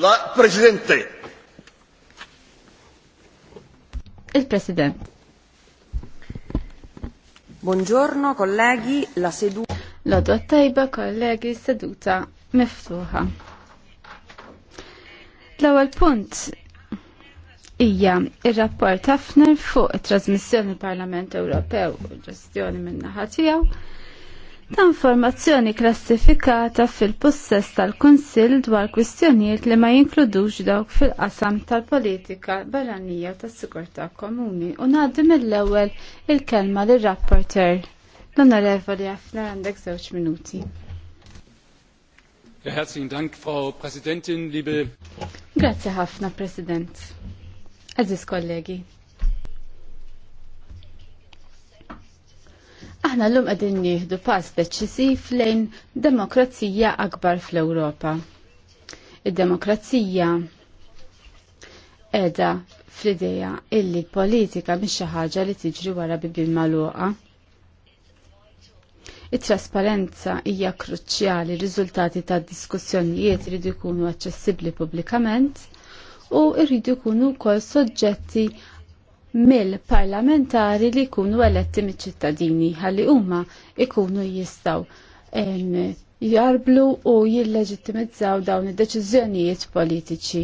La Presidente. Il-President. Buongiorno kollegi, la seduta. La odwa tajba kollegi, seduta miftuħa. L-ewwel punt hija ir-rapport Hafner fuq it-trasmissjoni Parlament Ewropew u l-ġestjoni min-naħa tiegħu ta' informazzjoni klassifikata fil-possess tal-Kunsill dwar kwistjonijiet li ma jinkludux dawk fil-qasam tal-politika barranija tas sigurtà komuni u ngħaddi mill-ewwel il-kelma lir-rapporter. L-onorevoli għafna għandek żewġ minuti. herzlichen Dank, Frau Präsidentin, liebe... Grazie ħafna, President. Aziz kollegi. Aħna l-lum għadin nieħdu pass deċisiv lejn demokrazija akbar fl-Ewropa. Id-demokrazija edha fl-ideja illi politika mhix xi ħaġa li tiġri wara bibin magħluqa. It-trasparenza hija kruċjali riżultati ta' diskussjonijiet iridu jkunu aċċessibbli pubblikament u rridu jkunu wkoll soġġetti mill-parlamentari li jkunu eletti mill-ċittadini ħalli huma ikunu jistaw jarblu u jilleġittimizzaw dawn id-deċiżjonijiet politiċi.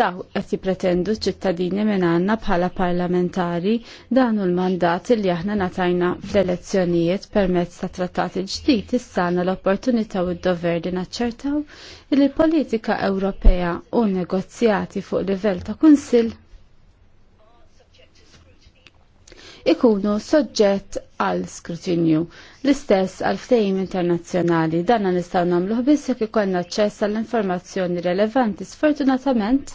Daw qed jipretendu ċittadini minn għandna bħala parlamentari dan l-mandat li aħna natajna fl-elezzjonijiet permezz ta' trattati ġdid issana l-opportunità u d-dover li naċċertaw li l-politika Ewropea u negozjati fuq livell ta' Kunsill ikunu soġġett għal skrutinju. L-istess għal ftejim internazzjonali danna nistgħu nagħmluh biss jekk ikollna aċċess għall informazzjoni relevanti. Sfortunatament,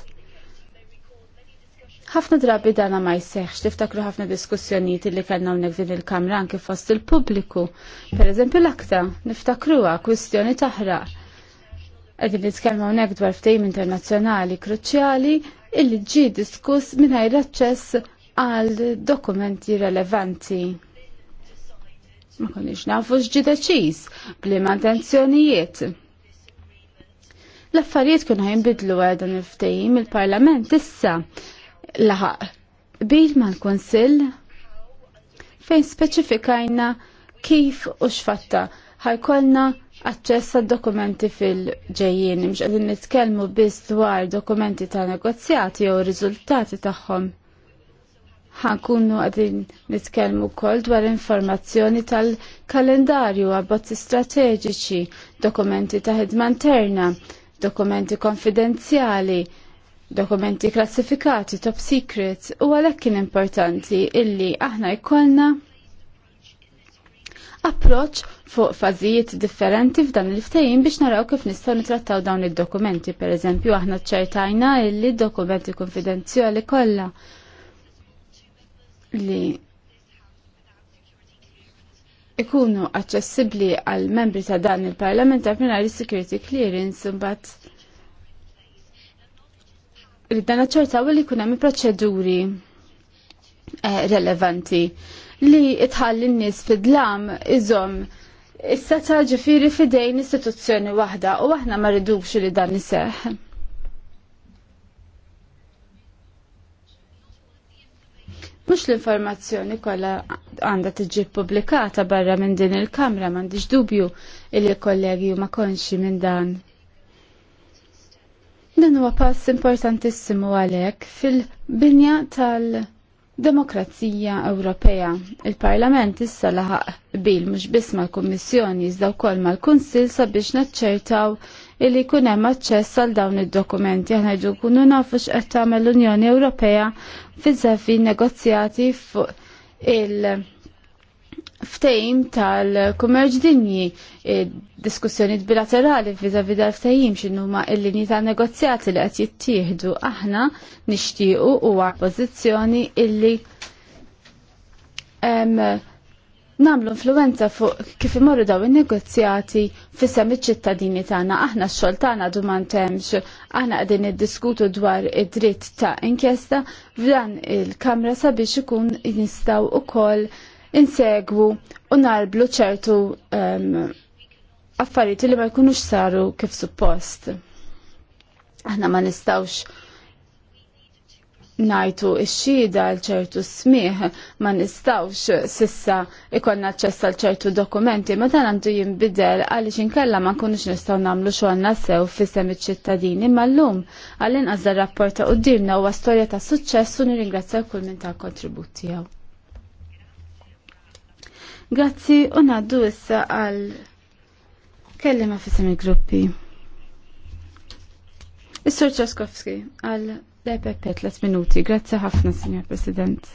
ħafna drabi dana ma jseħħx tiftakru ħafna diskussjonijiet li kellna hawnhekk din il-kamra anke fost il-pubbliku. Pereżempju l-akta niftakruha kwistjoni taħraq. Qegħdin nitkellmu hawnhekk dwar ftehim internazzjonali kruċjali illi ġie diskuss mingħajr aċċess għal dokumenti relevanti. Ma konniex nafu x'ġi deċiż bliema intenzjonijiet. L-affarijiet kienu ħajnbidlu għedan il-ftehim il-Parlament issa laħaq bil l konsil fejn speċifikajna kif u x'fatta ħajkolna aċċess dokumenti fil-ġejjien, mx għadin nitkelmu biss dwar dokumenti ta' negozjati jew riżultati tagħhom ħankunu għadin nitkellmu wkoll dwar informazzjoni tal-kalendarju għabbozzi strateġiċi, dokumenti ta' ħidma interna, dokumenti konfidenzjali, dokumenti klassifikati top secrets u għalhekk kien importanti illi aħna jkollna approċ fuq fażijiet differenti f'dan il-ftejjin biex naraw kif nistgħu nitrattaw dawn id-dokumenti, pereżempju aħna ċertajna illi dokumenti konfidenzjali kollha li ikunu aċċessibbli għal membri ta' dan il-Parlament ta' mingħajr security clearance imbagħad li dan aċċertaw li jkun hemm proċeduri eh, relevanti li itħalli n-nies fid-dlam iżom is-seta' ġifiri fidejn istituzzjoni waħda u aħna ma rridux li dan iseħħ. Mux l-informazzjoni kolla għanda tiġi publikata barra minn din il-kamra, mandiġ dubju il-kollegi ma konxi minn dan. Dan huwa pass importantissimu għalek fil-binja tal- Demokrazija Ewropea. Il-Parlament issa laħaq bil mhux biss mal-Kummissjoni iżda wkoll mal-Kunsill sabiex naċċertaw illi jkun hemm aċċess għal dawn id-dokumenti aħna jdu nkunu nafu x'qed tagħmel l-Unjoni Ewropea fiż-żaffi negozjati fuq il- ftejim tal-kummerġ dinji, diskussjoni bilaterali viza vida ftejim xinu ma il-linji ta' negozjati li għat jittieħdu aħna nishtiqu u pożizzjoni illi namlu influenza fuq kif imorru daw in-negozjati fissem sem iċ-ċittadini tagħna. Aħna x-xogħol tagħna du ma aħna qegħdin iddiskutu dwar id-dritt ta' inkjesta f'dan il-Kamra sabiex ikun nistgħu ukoll insegwu u narblu ċertu um, affarijiet li ma jkunux saru kif suppost. Aħna ma nistawx najtu ix-xida l-ċertu smieħ ma nistawx sissa ikonna ċessa l-ċertu dokumenti ma dan għandu jimbidel għaliex inkella ma nkunux nistaw namlu xogħolna sew fissem iċ-ċittadini ma llum għallin dar rapport ta' qudiemna huwa storja ta' suċċess u nirringrazzja kull min ta' kontribut tiegħu. Grazzi u ngħaddu issa għal kellima fissem il-gruppi. Is-Sur Ċoskowski għal E L-EPP minuti. Grazzi ħafna, Signor President.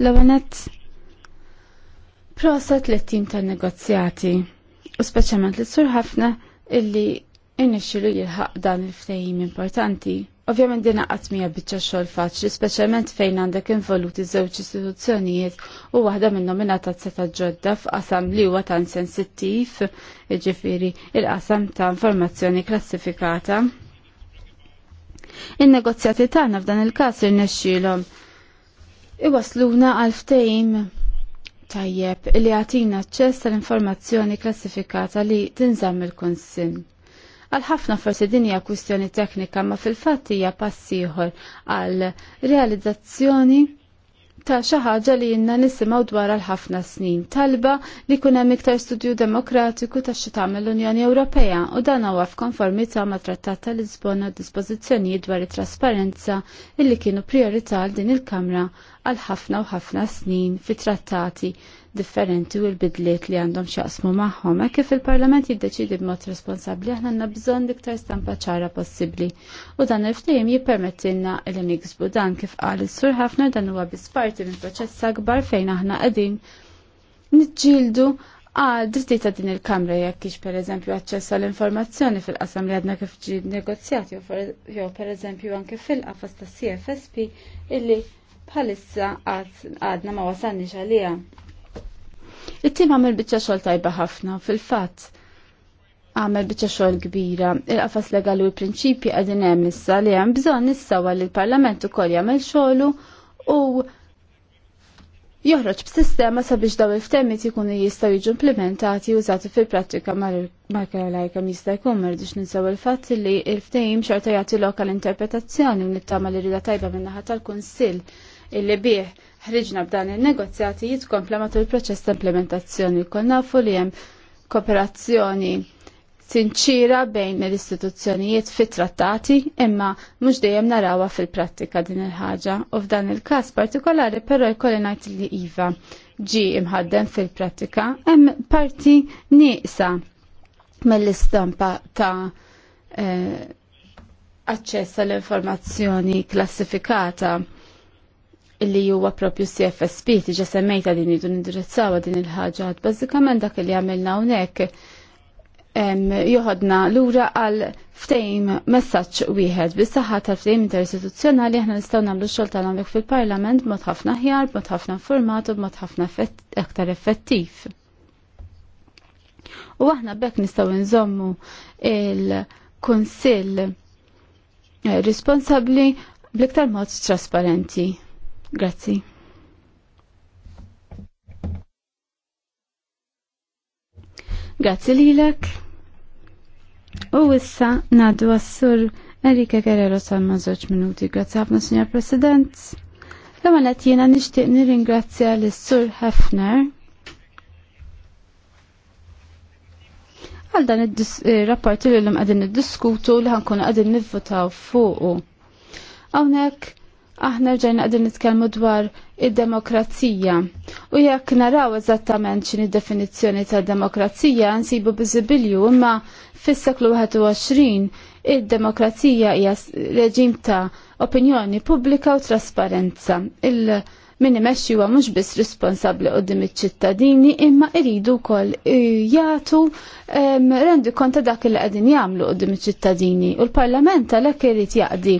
L-għanet proset li tim ta' negozjati u speċjalment li sur ħafna illi inixxilu jilħaq dan il-ftehim importanti. Ovvjament din qatt mija biċċa xogħol faċli, speċjalment fejn għandek involuti żewġ istituzzjonijiet u waħda minnhom ingħatat seta ġodda f'qasam li huwa tan sensittiv, jiġifieri il-qasam ta' informazzjoni klassifikata. Il-negozjati tagħna f'dan il-każ irnexxielhom iwasluna għal ftehim tajjeb li għatina ċess tal-informazzjoni klassifikata li tinżamm il-konsin. Għal ħafna forsi din hija kwistjoni teknika ma fil-fatt hija pass ieħor għal realizzazzjoni ta' xi ħaġa li jinna nisimgħu dwar għal ħafna snin. Talba li kun hemm iktar studju demokratiku ta' xi tagħmel l-Unjoni Ewropea u dan huwa f'konformità ma' Trattat ta' Lisbona dispożizzjonijiet dwar it-trasparenza illi kienu priorità għal din il-Kamra għal ħafna u ħafna snin fi trattati differenti u l-bidliet li għandhom xaqsmu magħhom. Ma kif il-Parlament jiddeċidi b'mod responsabbli aħna għandna bżonn iktar stampa ċara possibbli. U dan il-ftehim jippermettilna li niksbu dan kif qal is-sur ħafna dan huwa biss parti minn proċess akbar fejn aħna qegħdin niġġieldu għal dritti ta' din il-kamra jekk ix per eżempju għacċess l informazzjoni fil-qasam li għadna kif ġi negozjati jew per eżempju anke fil-qafas ta' CFSP illi bħalissa għadna ma wasalniex għalija. It-tim għamil bieċa xol tajba ħafna, fil-fat. Għamil bieċa xol kbira, il-qafas legali u l-prinċipi għadin hemm issa li hemm bżonn nissawa li l-Parlament ukoll jagħmel xogħlu u joħroġ b'sistema sabiex daw il-ftemiet ikunu jistgħu jiġu implementati użati fil-prattika mal-karolaj kemm jista' jkun merdux ninsew il-fatt li l-ftehim xorta jagħti lokal interpretazzjoni u nittama li rida tajba min-naħa tal-Kunsill illi bih ħriġna b'dan il-negozjati jitkompla matul il-proċess ta' implementazzjoni. Kon nafu li hemm kooperazzjoni sinċira bejn l-istituzzjonijiet fit trattati imma mhux dejjem narawha fil-prattika din il-ħaġa u f'dan il-każ partikolari però jkolli ngħid li iva ġi imħaddem fil-prattika hemm parti nieqsa mill-istampa ta' eh, aċċess għall-informazzjoni klassifikata illi huwa propju CFSP tiġa semmejta din idu indirizzawa din il-ħaġa Bazzikament dak li għamilna hawnhekk joħodna lura għal ftejm messaġġ wieħed bis-saħħa tal-ftejm interistituzzjonali aħna nistgħu nagħmlu xogħol tagħna hawnhekk fil-Parlament b'mod ħafna ħjar, b'mod ħafna format u b'mod ħafna aktar effettiv. U aħna bekk nistgħu nżommu il-Kunsill eh, responsabbli bl-iktar mod trasparenti. Grazzi. Grazzi lilek. U issa nadu għassur Erika Guerrero salma zoċ minuti. Grazzi ħafna, Signor President. Kama għalet jena nishtiq nir-ingrazzja l-Sur Hefner. għal dan il-rapport eh, li l-lum għadin id-diskutu li għankun għadin nivvotaw fuqu. Għawnek aħna rġajna għadin nitkellmu dwar id-demokrazija. U jekk naraw eżattament id definizzjoni ta' demokrazija nsibu biżibilju imma fis-seklu 21 id-demokrazija hija reġim ta' opinjoni pubblika u trasparenza. Il min imexxi huwa mhux biss responsabbli qudiem iċ-ċittadini imma iridu wkoll e, jagħtu rendi konta dak li qegħdin jagħmlu qudiem iċ-ċittadini u l-Parlament għalhekk irid jaqdi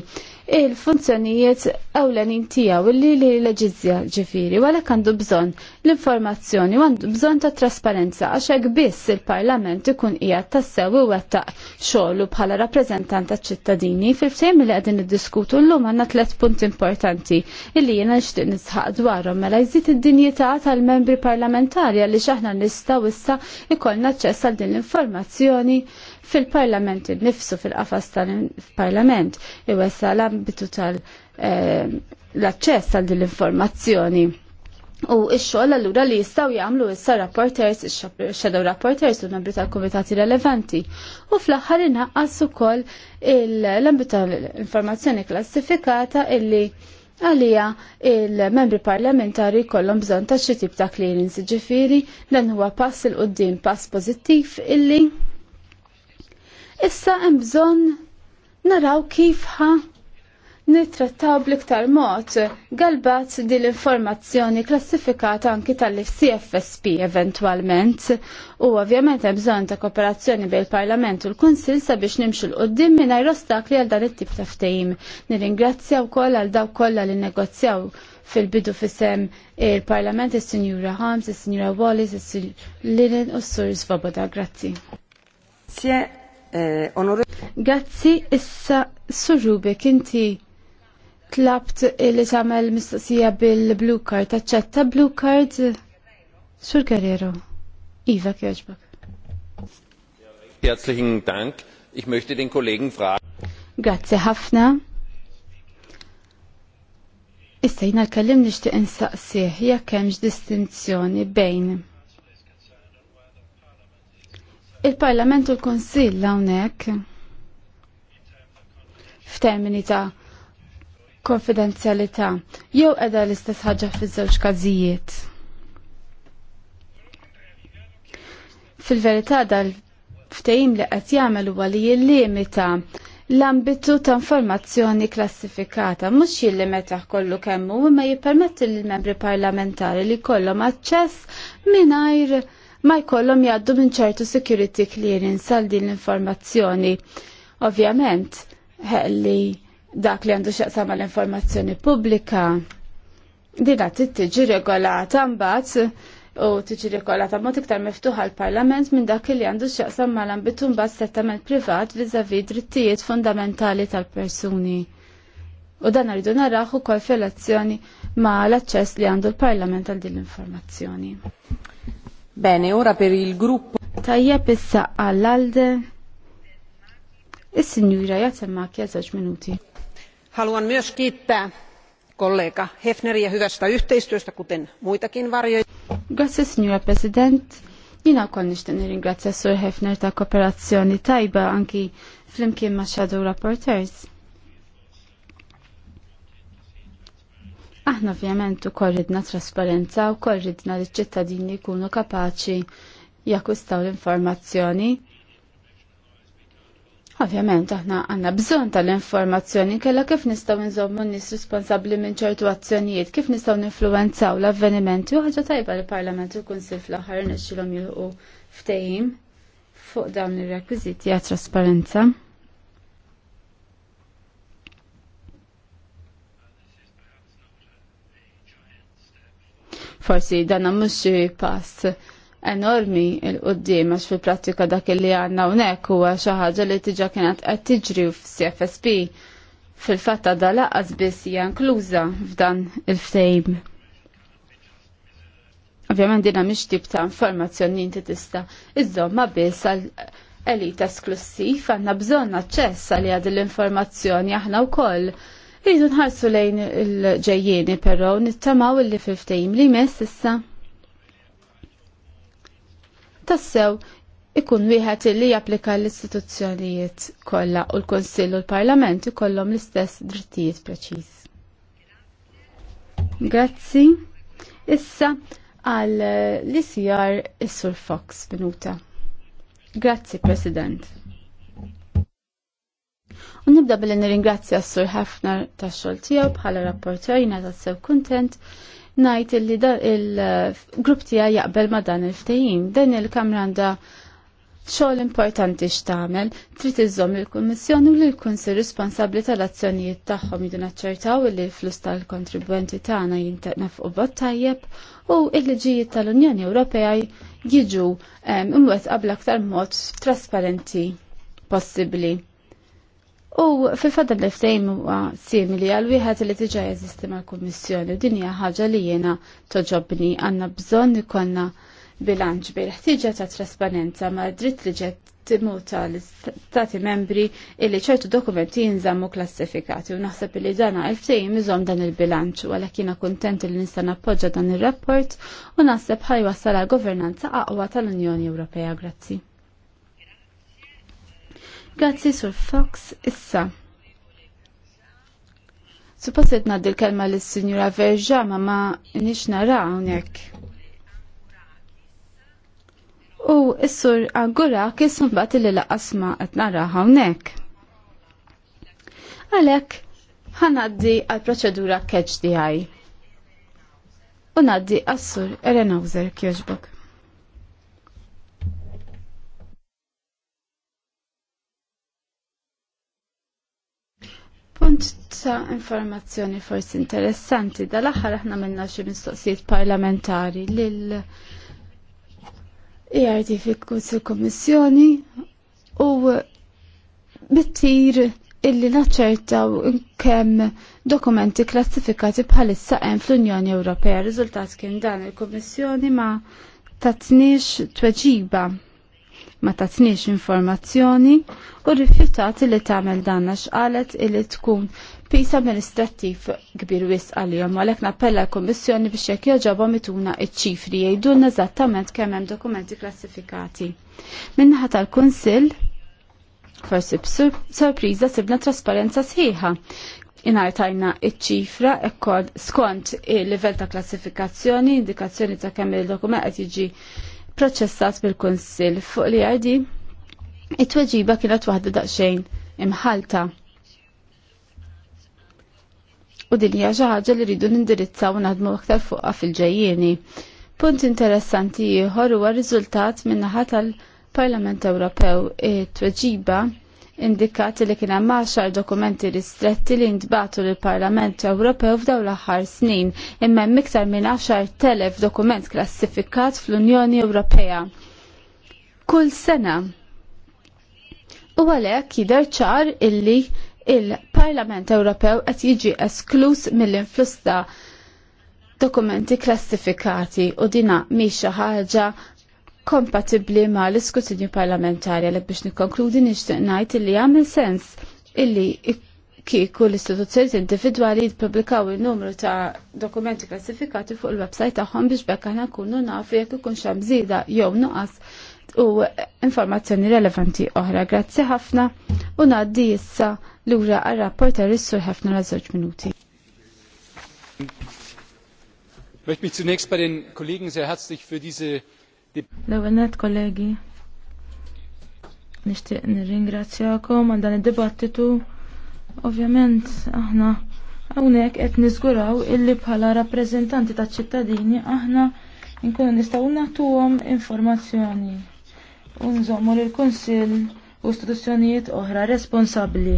il-funzjonijiet ewlenin tijaw li li leġizzja ġifiri, għalhekk għandu bżonn l-informazzjoni u għandu bżonn ta' trasparenza għax hekk biss il-Parlament ikun qiegħed tassew wettaq xogħlu bħala rappreżentant ċittadini fil-ftehim li qegħdin niddiskutu llum għandna tliet punt importanti illi jiena nixtieq nisħaq dwarhom mela jżid id-dinjità tal-membri parlamentari għaliex aħna nistgħu issa ikollna aċċess għal din l-informazzjoni fil-parlament nifsu fil-qafas tal-parlament iwessa l-ambitu tal-aċċess eh, għal din l-informazzjoni. U x-xogħol allura li jistgħu jagħmlu issa rapporters, shadow rapporters u membri tal-kumitati relevanti. U fl-aħħar inħaqqas ukoll l-ambitu tal-informazzjoni klassifikata illi għalija il-membri parlamentari kollom bżon ta' xi tip ta' clearance ġifiri dan huwa pass il qoddim pass pożittiv illi issa hemm bżonn naraw kif ha nittrattaw bliktar mod galbat din l-informazzjoni klassifikata anki tal-CFSP eventwalment u ovvjament hemm bżonn ta' kooperazzjoni bejn il-Parlament u l-Kunsill sabiex nimxu l qudiem mingħajr ostakli għal dan it-tip ta' ftehim. Nirringrazzja wkoll għal dawk kollha li negozjaw fil-bidu fisem il-Parlament is-Sinjura Hams, is-Sinjura Wallis, is-Sinjura Lilin u s-Sur Svoboda. Grazzi. Grazie Eh, onore... Grazzi, issa surrubek inti tlabt li tagħmel mistoqsija bil-blue card, taċċetta blue card sur Guerrero. Iva kjoġbak. Herzlichen Dank. Ich möchte den Kollegen fragen. Grazzi ħafna. Issa jina l-kallim nishti insaqsih jekk hemmx distinzjoni bejn Il-Parlament u l-Konsill hawnhekk f'termini ta' konfidenzjalità jew qiegħda l-istess ħaġa fiż-żewġ każijiet. Fil-verità dal-ftehim li qed jagħmel huwa li jillimita l-ambitu ta' informazzjoni klassifikata mhux jillimeta kollu kemmu ma jippermetti lill membri parlamentari li jkollhom aċċess mingħajr ma jkollhom jgħaddu minn ċertu security clearance għal din l-informazzjoni. Ovvjament, li dak li għandu xaqsam l informazzjoni pubblika din għat tiġi regolata mbagħad u tiġi regolata mod iktar miftuħa l-Parlament minn dak li għandu xaqsam mal-ambitu mbagħad settament privat viżavi drittijiet fundamentali tal-persuni. U dan rridu naraħ ukoll fil-azzjoni ma l-aċċess li għandu l-Parlament għal din l-informazzjoni. Bene, ora per il gruppo. Tajjeb issa għall-alde. Is-sinjura jatemma kjeżaġ minuti. Haluan myös kiittää kollega ja hyvästä yhteistyöstä, kuten muitakin varjoja. Grazie, signora President. Jina kol nishtan ringrazzja Sur Hefner ta' kooperazzjoni tajba anki flimkien imkien ma' Shadow Rapporteurs. Aħna ovvjament ukoll ridna trasparenza u korridna ridna li ċittadini jkunu kapaċi jakkwistaw l-informazzjoni. Ovvjament aħna għandna bżonn tal-informazzjoni kellha kif nistgħu nżommu n-nies responsabbli minn ċertu azzjonijiet, kif nistgħu ninfluwenzaw l-avvenimenti u ħaġa tajba li parlament u kunsil fl-aħħar nexxilhom jilqu ftehim fuq dawn ir-rekwiżiti għat trasparenza. Forsi dan mhux xi pass enormi il-qoddim għax fil-prattika dak li għandna hawnhekk huwa xi ħaġa li tiġa kienet qed tiġri f'CFSP fil-fatta dala għazbis biss hija inkluża f'dan il-ftejm. Ovvjament dina mhix tip ta' informazzjoni inti tista' ma' biss għal elita esklusiv għandna bżonn aċċess għal għad l-informazzjoni aħna wkoll Rridu nħarsu lejn il-ġejjieni però nittamaw illi fil li mess issa. Tassew ikun wieħed illi japplika l-istituzzjonijiet kollha u l-Kunsill u l-Parlament ikollhom l-istess drittijiet preċiż. Grazzi. Issa għal l-ICR is-Sur Fox minuta. Grazzi, President. U nibda billi nirringrazzja s-sur ħafna ta' xogħol tiegħu bħala rapporter jina ta' kuntent ngħid najt il-grupp tiegħi jaqbel ma' dan il-ftehim. Dan il-kamra għandha xogħol importanti x'tamel, trid iżżomm il-Kummissjoni u l kunsil responsabbli tal-azzjonijiet tagħhom jidu naċċertaw li l-flus tal-kontribwenti tagħna u bot tajjeb u l-liġijiet tal-Unjoni Ewropea jiġu imwet qabla aktar mod trasparenti possibbli. U fil-fadal l-ftejn huwa simili għal wieħed li diġà jeżisti mal-Kummissjoni u din hija ħaġa li jiena toġobni għandna bżonn ikollna bilanċ bejn ħtieġa ta' trasparenza ma' dritt li ġed timuta l-Stati membri illi ċertu dokumenti jinżammu klassifikati u naħseb li dana għalftejn miżom dan il-bilanċ u għalhekk jiena kuntent li nista' nappoġġa dan ir-rapport u naħseb ħajwassal għal governanza aqwa tal-Unjoni Ewropea. Grazzi. Grazzi sur Fox issa. Supposet naddi l-kelma l-Sinjura Verja ma ma nix nara unek. U issur sur Agura kisum bat li laqasma qed nara hawnhekk. Għalhekk ħanaddi għal proċedura catch DI. U naddi għassur Erenauzer Erenhauser kjoġbok. Punt ta' informazzjoni forsi interessanti, dal-axħar aħna minna xi mistoqsijiet parlamentari lil ERD fil kommissjoni u bittir illi naċċertaw kemm dokumenti klassifikati bħalissa hemm fl-Unjoni Ewropea. Riżultat kien dan il-Kummissjoni ma tatniex tweġiba ma tatniex informazzjoni u rifjutat li tagħmel danna x'qalet illi tkun pis amministrattiv kbir wis għalihom għalhekk nappella l-Kummissjoni biex jekk jogħġobhom ituna iċ-ċifri jgħidulna eżattament kemm hemm dokumenti klassifikati. Minnaħa tal-Kunsill forsi b'sorpriża sibna trasparenza sħiħa. Inartajna iċ-ċifra e skont il-livell ta' klassifikazzjoni, indikazzjoni ta' kemm il-dokument qed jiġi proċessat bil-Kunsill fuq li għadi it-tweġiba kienet waħda daqsxejn imħalta. U din hija xi ħaġa li rridu nindirizzaw u naħdmu aktar fuqha fil-ġejjieni. Punt interessanti ieħor huwa riżultat min-naħa tal-Parlament Ewropew it-tweġiba indikati li kien hemm għaxar dokumenti ristretti li ntbatu lill parlament Ewropew f'dawn l-aħħar snin, imma hemm iktar minn telef dokument klassifikat fl-Unjoni Ewropea. Kull sena. U għalhekk jidher ċar illi il-Parlament Ewropew qed jiġi esklus mill-influss ta' dokumenti klassifikati u dina mhix xi ħaġa kompatibli ma l-iskutinju parlamentari għalek biex nikonkludi nixtieq ngħid li għamil sens illi kieku l-istituzzjoni individwali jippubblikaw il-numru ta' dokumenti klassifikati fuq il-websajt tagħhom biex bekk aħna nafu jekk ikun x'amżida żieda jew nuqqas u informazzjoni relevanti oħra. Grazzi ħafna u ngħaddi issa lura għar-rapport tar-issur ħafna la żewġ minuti. Ich möchte mich zunächst bei den Kollegen sehr herzlich für diese L-ewwel net kollegi. Nixtieq nirringrazzjakom għal dan id-dibattitu. Ovvjament aħna hawnhekk qed niżguraw illi bħala rappreżentanti taċ-ċittadini aħna nkunu nistgħu nagħtuhom informazzjoni u nżommu lil kunsill u istituzzjonijiet oħra responsabbli.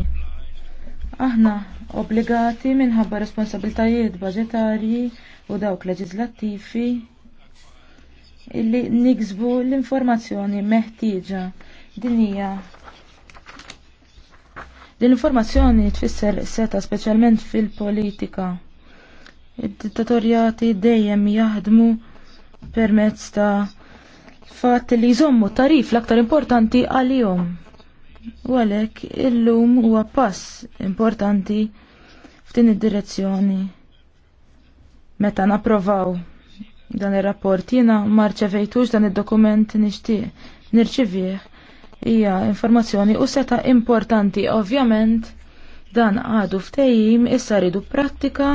Aħna obbligati minħabba responsabiltajiet budgetarji u dawk leġislattivi illi niksbu l-informazzjoni meħtieġa din hija L-informazzjoni tfisser seta speċjalment fil-politika. Id-dittatorjati dejjem jaħdmu permezz ta' fatt li jżommu tarif l-aktar importanti għal-jom. U għalek illum huwa pass importanti f'din id-direzzjoni meta napprovaw dan ir-rapport jiena ma dan id-dokument nixtieq nirċivih hija informazzjoni u seta importanti ovvjament dan għadu ftejjim issa ridu prattika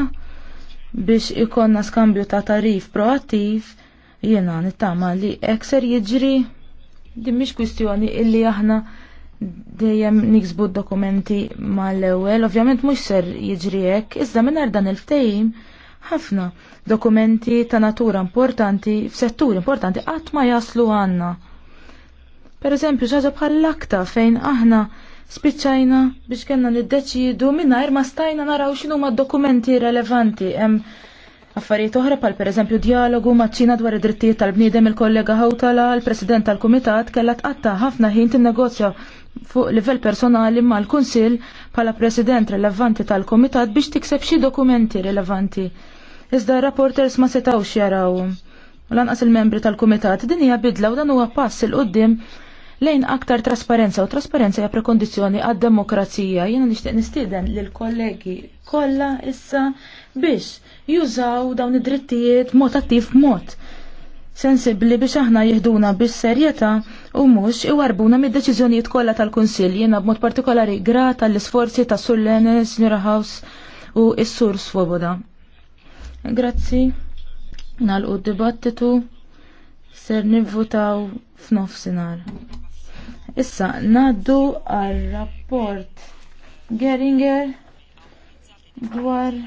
biex ikonna skambju ta' tarif proattiv jiena nittama li ekser jiġri din mhix kwistjoni illi aħna dejjem niksbu dokumenti mal-ewwel, ovvjament mhux ser jiġri hekk, iżda mingħajr dan il-ftehim ħafna dokumenti ta' natura importanti f'settur importanti qatt ma jaslu għandna. Per eżempju, ġaġa bħal l-akta fejn aħna spiċċajna biex kellna niddeċidu mingħajr ma stajna naraw xinu ma dokumenti relevanti hemm affarijiet oħra pal pereżempju dialogu ma' ċina dwar id-drittijiet tal-bniedem il-kollega Hawtala, l president tal-Kumitat kellha tqatta ħafna ħin tinnegozja fuq livell personali mal-Kunsill bħala President relevanti tal-Kumitat biex tikseb xi dokumenti relevanti iżda r-rapporters ma setawx jarawhom. Lanqas il-membri tal-kumitat din hija bidla u dan huwa pass il qudiem lejn aktar trasparenza u trasparenza hija prekondizzjoni għad-demokrazija. Jiena nixtieq nistieden lil kollegi kollha issa biex jużaw dawn id-drittijiet mod attiv mod sensibli biex aħna jihduna biex serjeta u mux iwarbuna mid deċiżjonijiet kollha tal-Kunsill jiena b'mod partikolari grata l-isforzi ta' Sur Lene, House u s-Sur Svoboda. Grazzi, nalqu dibattitu ser nivvutaw f'nofsinhar. Issa naddu għal rapport Geringer dwar